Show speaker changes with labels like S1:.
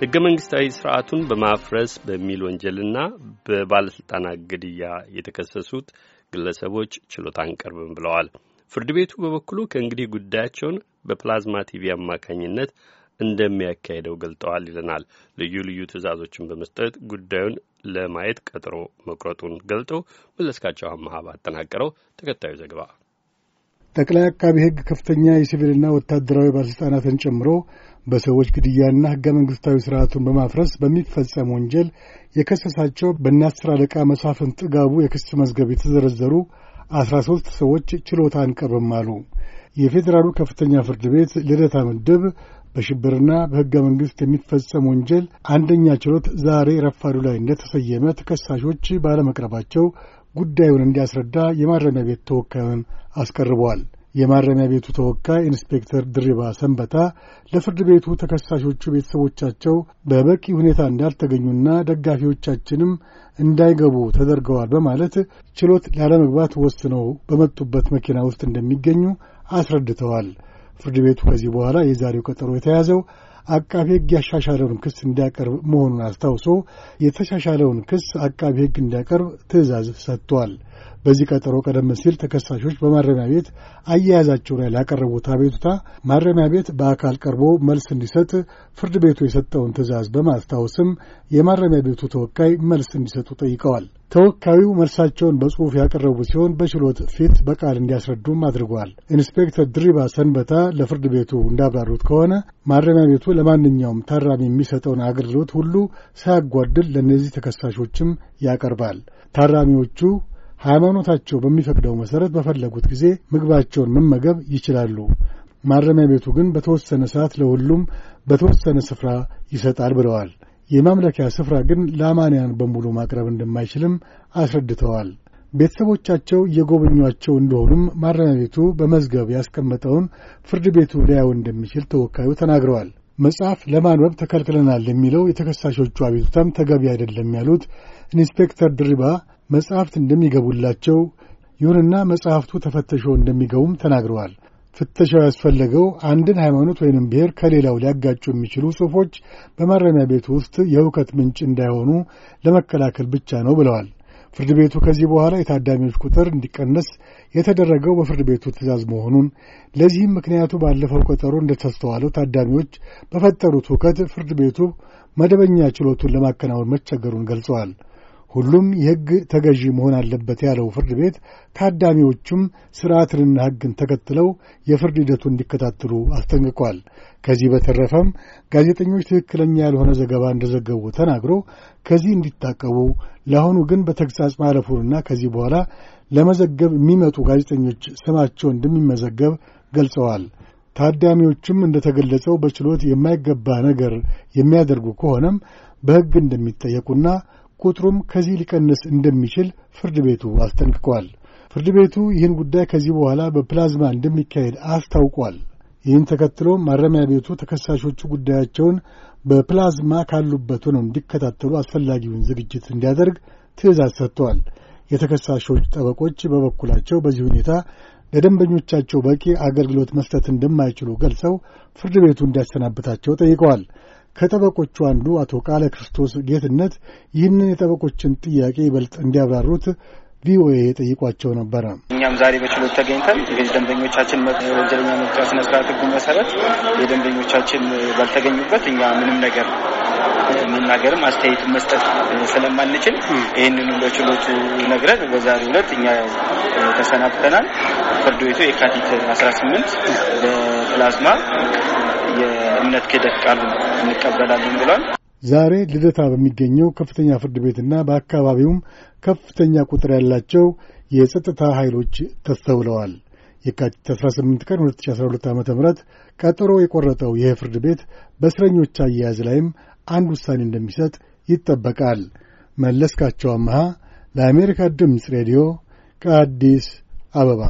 S1: ህገ መንግስታዊ ስርዓቱን በማፍረስ በሚል ወንጀልና በባለስልጣናት ግድያ የተከሰሱት ግለሰቦች ችሎት አንቀርብም ብለዋል። ፍርድ ቤቱ በበኩሉ ከእንግዲህ ጉዳያቸውን በፕላዝማ ቲቪ አማካኝነት እንደሚያካሄደው ገልጠዋል ይለናል። ልዩ ልዩ ትዕዛዞችን በመስጠት ጉዳዩን ለማየት ቀጠሮ መቁረጡን ገልጠው መለስካቸው አመሀብ አጠናቀረው ተከታዩ ዘገባ
S2: ጠቅላይ አቃቢ ሕግ ከፍተኛ የሲቪልና ወታደራዊ ባለሥልጣናትን ጨምሮ በሰዎች ግድያና ሕገ መንግሥታዊ ሥርዓቱን በማፍረስ በሚፈጸም ወንጀል የከሰሳቸው በናስር አለቃ መሳፍን ጥጋቡ የክስ መዝገብ የተዘረዘሩ አስራ ሦስት ሰዎች ችሎታ አንቀርብም አሉ። የፌዴራሉ ከፍተኛ ፍርድ ቤት ልደታ ምድብ በሽብርና በሕገ መንግሥት የሚፈጸም ወንጀል አንደኛ ችሎት ዛሬ ረፋዱ ላይ እንደተሰየመ ተከሳሾች ባለመቅረባቸው ጉዳዩን እንዲያስረዳ የማረሚያ ቤት ተወካዩን አስቀርበዋል። የማረሚያ ቤቱ ተወካይ ኢንስፔክተር ድሪባ ሰንበታ ለፍርድ ቤቱ ተከሳሾቹ ቤተሰቦቻቸው በበቂ ሁኔታ እንዳልተገኙና ደጋፊዎቻችንም እንዳይገቡ ተደርገዋል በማለት ችሎት ላለመግባት ወስነው በመጡበት መኪና ውስጥ እንደሚገኙ አስረድተዋል። ፍርድ ቤቱ ከዚህ በኋላ የዛሬው ቀጠሮ የተያዘው አቃቢ ሕግ ያሻሻለውን ክስ እንዲያቀርብ መሆኑን አስታውሶ የተሻሻለውን ክስ አቃቢ ሕግ እንዲያቀርብ ትዕዛዝ ሰጥቷል። በዚህ ቀጠሮ ቀደም ሲል ተከሳሾች በማረሚያ ቤት አያያዛቸው ላይ ላቀረቡት አቤቱታ ማረሚያ ቤት በአካል ቀርቦ መልስ እንዲሰጥ ፍርድ ቤቱ የሰጠውን ትዕዛዝ በማስታወስም የማረሚያ ቤቱ ተወካይ መልስ እንዲሰጡ ጠይቀዋል። ተወካዩ መልሳቸውን በጽሑፍ ያቀረቡ ሲሆን በችሎት ፊት በቃል እንዲያስረዱም አድርጓል። ኢንስፔክተር ድሪባ ሰንበታ ለፍርድ ቤቱ እንዳብራሩት ከሆነ ማረሚያ ቤቱ ለማንኛውም ታራሚ የሚሰጠውን አገልግሎት ሁሉ ሳያጓድል ለእነዚህ ተከሳሾችም ያቀርባል። ታራሚዎቹ ሃይማኖታቸው በሚፈቅደው መሠረት በፈለጉት ጊዜ ምግባቸውን መመገብ ይችላሉ። ማረሚያ ቤቱ ግን በተወሰነ ሰዓት ለሁሉም በተወሰነ ስፍራ ይሰጣል ብለዋል። የማምለኪያ ስፍራ ግን ለአማንያን በሙሉ ማቅረብ እንደማይችልም አስረድተዋል። ቤተሰቦቻቸው የጎበኟቸው እንደሆኑም ማረሚያ ቤቱ በመዝገብ ያስቀመጠውን ፍርድ ቤቱ ሊያዩ እንደሚችል ተወካዩ ተናግረዋል። መጽሐፍ ለማንበብ ተከልክለናል የሚለው የተከሳሾቹ አቤቱታም ተገቢ አይደለም ያሉት ኢንስፔክተር ድሪባ መጽሐፍት እንደሚገቡላቸው ይሁንና መጽሐፍቱ ተፈተሾ እንደሚገቡም ተናግረዋል። ፍተሻው ያስፈለገው አንድን ሃይማኖት ወይንም ብሔር ከሌላው ሊያጋጩ የሚችሉ ጽሑፎች በማረሚያ ቤቱ ውስጥ የእውከት ምንጭ እንዳይሆኑ ለመከላከል ብቻ ነው ብለዋል። ፍርድ ቤቱ ከዚህ በኋላ የታዳሚዎች ቁጥር እንዲቀነስ የተደረገው በፍርድ ቤቱ ትዕዛዝ መሆኑን ለዚህም ምክንያቱ ባለፈው ቀጠሮ እንደተስተዋለው ታዳሚዎች በፈጠሩት ሁከት ፍርድ ቤቱ መደበኛ ችሎቱን ለማከናወን መቸገሩን ገልጸዋል። ሁሉም የሕግ ተገዢ መሆን አለበት ያለው ፍርድ ቤት ታዳሚዎቹም ሥርዓትንና ሕግን ተከትለው የፍርድ ሂደቱን እንዲከታተሉ አስጠንቅቋል። ከዚህ በተረፈም ጋዜጠኞች ትክክለኛ ያልሆነ ዘገባ እንደዘገቡ ተናግሮ ከዚህ እንዲታቀቡ፣ ለአሁኑ ግን በተግሣጽ ማለፉንና ከዚህ በኋላ ለመዘገብ የሚመጡ ጋዜጠኞች ስማቸው እንደሚመዘገብ ገልጸዋል። ታዳሚዎቹም እንደተገለጸው በችሎት የማይገባ ነገር የሚያደርጉ ከሆነም በሕግ እንደሚጠየቁና ቁጥሩም ከዚህ ሊቀንስ እንደሚችል ፍርድ ቤቱ አስጠንቅቋል። ፍርድ ቤቱ ይህን ጉዳይ ከዚህ በኋላ በፕላዝማ እንደሚካሄድ አስታውቋል። ይህን ተከትሎ ማረሚያ ቤቱ ተከሳሾቹ ጉዳያቸውን በፕላዝማ ካሉበት ሆነው እንዲከታተሉ አስፈላጊውን ዝግጅት እንዲያደርግ ትዕዛዝ ሰጥቷል። የተከሳሾች ጠበቆች በበኩላቸው በዚህ ሁኔታ ለደንበኞቻቸው በቂ አገልግሎት መስጠት እንደማይችሉ ገልጸው ፍርድ ቤቱ እንዲያሰናብታቸው ጠይቀዋል። ከጠበቆቹ አንዱ አቶ ቃለ ክርስቶስ ጌትነት ይህንን የጠበቆችን ጥያቄ ይበልጥ እንዲያብራሩት ቪኦኤ የጠይቋቸው ነበረ።
S1: እኛም ዛሬ በችሎት ተገኝተን እንግዲህ ደንበኞቻችን የወንጀለኛ መቅጫ ስነ ስርዓት ህጉ መሰረት የደንበኞቻችን ባልተገኙበት እኛ ምንም ነገር መናገርም አስተያየት መስጠት ስለማንችል ይህንን በችሎቱ ነግረን በዛሬው ዕለት እኛ ተሰናብተናል። ፍርድ ቤቱ የካቲት 18 በፕላዝማ እምነት ክህደት እንቀበላለን ብሏል።
S2: ዛሬ ልደታ በሚገኘው ከፍተኛ ፍርድ ቤትና በአካባቢውም ከፍተኛ ቁጥር ያላቸው የጸጥታ ኃይሎች ተስተውለዋል። የካቲት 18 ቀን 2012 ዓ ም ቀጠሮ የቆረጠው ይህ ፍርድ ቤት በእስረኞች አያያዝ ላይም አንድ ውሳኔ እንደሚሰጥ ይጠበቃል። መለስካቸው አመሃ ለአሜሪካ ድምፅ ሬዲዮ ከአዲስ አበባ